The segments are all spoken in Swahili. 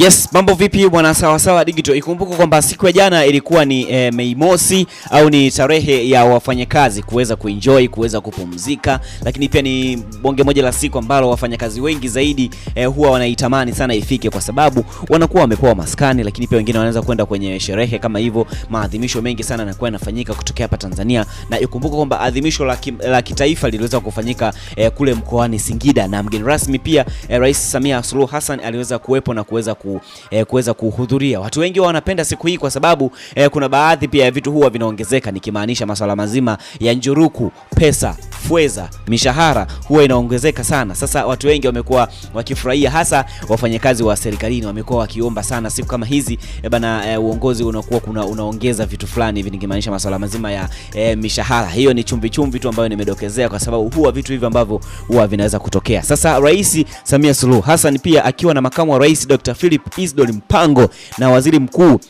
Yes, mambo vipi bwana sawa sawa digital. Ikumbuke kwamba siku ya jana ilikuwa ni e, Mei Mosi au ni tarehe ya wafanyakazi kuweza kuenjoy, kuweza kupumzika, lakini pia ni bonge moja la siku ambalo wafanyakazi wengi zaidi e, huwa wanaitamani sana ifike kwa sababu wanakuwa wamekuwa maskani, lakini pia wengine wanaweza kwenda kwenye sherehe kama hivyo. Maadhimisho mengi sana yanakuwa yanafanyika kutokea hapa Tanzania, na ikumbuke kwamba adhimisho la, ki, la kitaifa liliweza kufanyika e, kule mkoani Singida na mgeni rasmi pia e, Rais Samia Suluhu Hassan aliweza kuwepo na kuweza ku ku, eh, kuweza kuhudhuria. Watu wengi wanapenda siku hii kwa sababu eh, kuna baadhi pia ya vitu huwa vinaongezeka, nikimaanisha masuala mazima ya njuruku, pesa, fweza, mishahara huwa inaongezeka sana. Sasa watu wengi wamekuwa wakifurahia, hasa wafanyakazi wa serikalini wamekuwa wakiomba sana siku kama hizi eh, bana eh, uongozi unakuwa kuna unaongeza vitu fulani hivi, nikimaanisha masuala mazima ya eh, mishahara. Hiyo ni chumvi chumvi tu ambayo nimedokezea kwa sababu huwa vitu hivi ambavyo huwa vinaweza kutokea. Sasa Rais Samia Suluhu Hassan pia akiwa na makamu wa Rais Dr. Philip Philip Isdor Mpango na waziri mkuu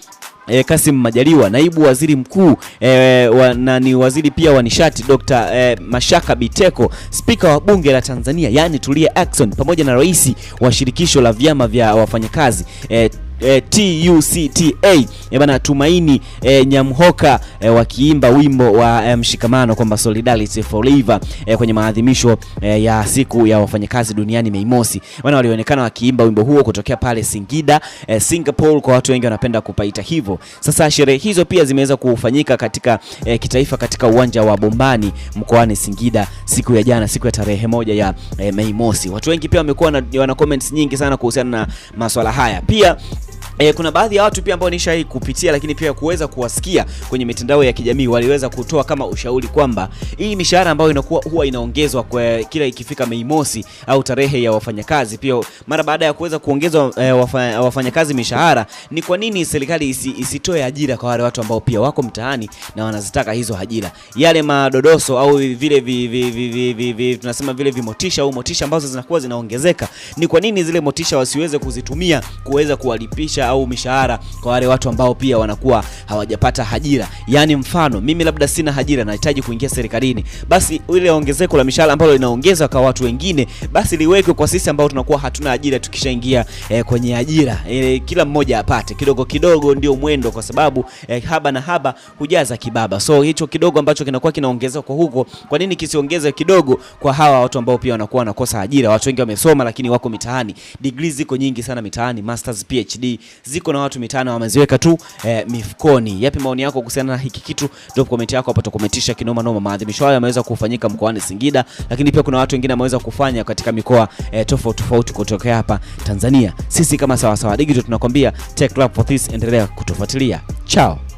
E, eh, Kasim Majaliwa, naibu waziri mkuu e, wa, na ni waziri pia wa nishati Dr. e, eh, Mashaka Biteko, spika wa bunge la Tanzania yani Tulia Ackson, pamoja na rais wa shirikisho la vyama vya wafanyakazi e, e, eh, TUCTA e, eh, bana Tumaini e, Nyamhoka e, wakiimba wimbo wa e, mshikamano kwamba solidarity forever e, kwenye maadhimisho e, ya siku ya wafanyakazi duniani Mei bana, walionekana wakiimba wimbo huo kutokea pale Singida e, Singapore, kwa watu wengi wanapenda kupaita hivyo. Sasa sherehe hizo pia zimeweza kufanyika katika e, kitaifa katika uwanja wa Bombani mkoani Singida siku ya jana, siku ya tarehe moja ya e, Mei Mosi. Watu wengi pia wamekuwa wana comments nyingi sana kuhusiana na maswala haya pia E, kuna baadhi ya watu pia ambao nishawahi kupitia lakini pia kuweza kuwasikia kwenye mitandao ya kijamii waliweza kutoa kama ushauri kwamba hii mishahara ambayo inakuwa huwa inaongezwa kwa kila ikifika Mei Mosi au tarehe ya wafanyakazi, pia mara baada ya kuweza kuongezwa e, wafanyakazi mishahara, ni kwa nini serikali isi, isitoe ajira kwa wale watu ambao pia wako mtaani na wanazitaka hizo ajira? Yale madodoso au vile vi, vi, vi, vi, vi, vi, tunasema vile vimotisha au motisha ambazo zinakuwa zinaongezeka, ni kwa nini zile motisha wasiweze kuzitumia kuweza kuwalipisha au mishahara kwa wale watu ambao pia wanakuwa hawajapata ajira. Yaani mfano mimi labda sina ajira, nahitaji kuingia serikalini, basi ile ongezeko la mishahara ambalo linaongezwa kwa watu wengine, basi liwekwe kwa sisi ambao tunakuwa hatuna ajira. Tukishaingia eh, kwenye ajira eh, kila mmoja apate kidogo kidogo, ndio mwendo, kwa sababu eh, haba na haba hujaza kibaba. So hicho kidogo ambacho kinakuwa kinaongezwa kwa huko, kwa nini kisiongeze kidogo kwa hawa watu ambao pia wanakuwa wanakosa ajira? Watu wengi wamesoma, lakini wako mitaani, degree ziko nyingi sana mitaani, masters, PhD ziko na watu mitano wameziweka tu eh, mifukoni. Yapi maoni yako kuhusiana na hiki kitu? Drop comment yako hapo, tukometisha kinoma noma. Maadhimisho hayo yameweza kufanyika mkoani Singida, lakini pia kuna watu wengine wameweza kufanya katika mikoa eh, tofauti tofauti kutokea hapa Tanzania. Sisi kama sawasawa digital tunakwambia take love for this, endelea kutufuatilia. Chao.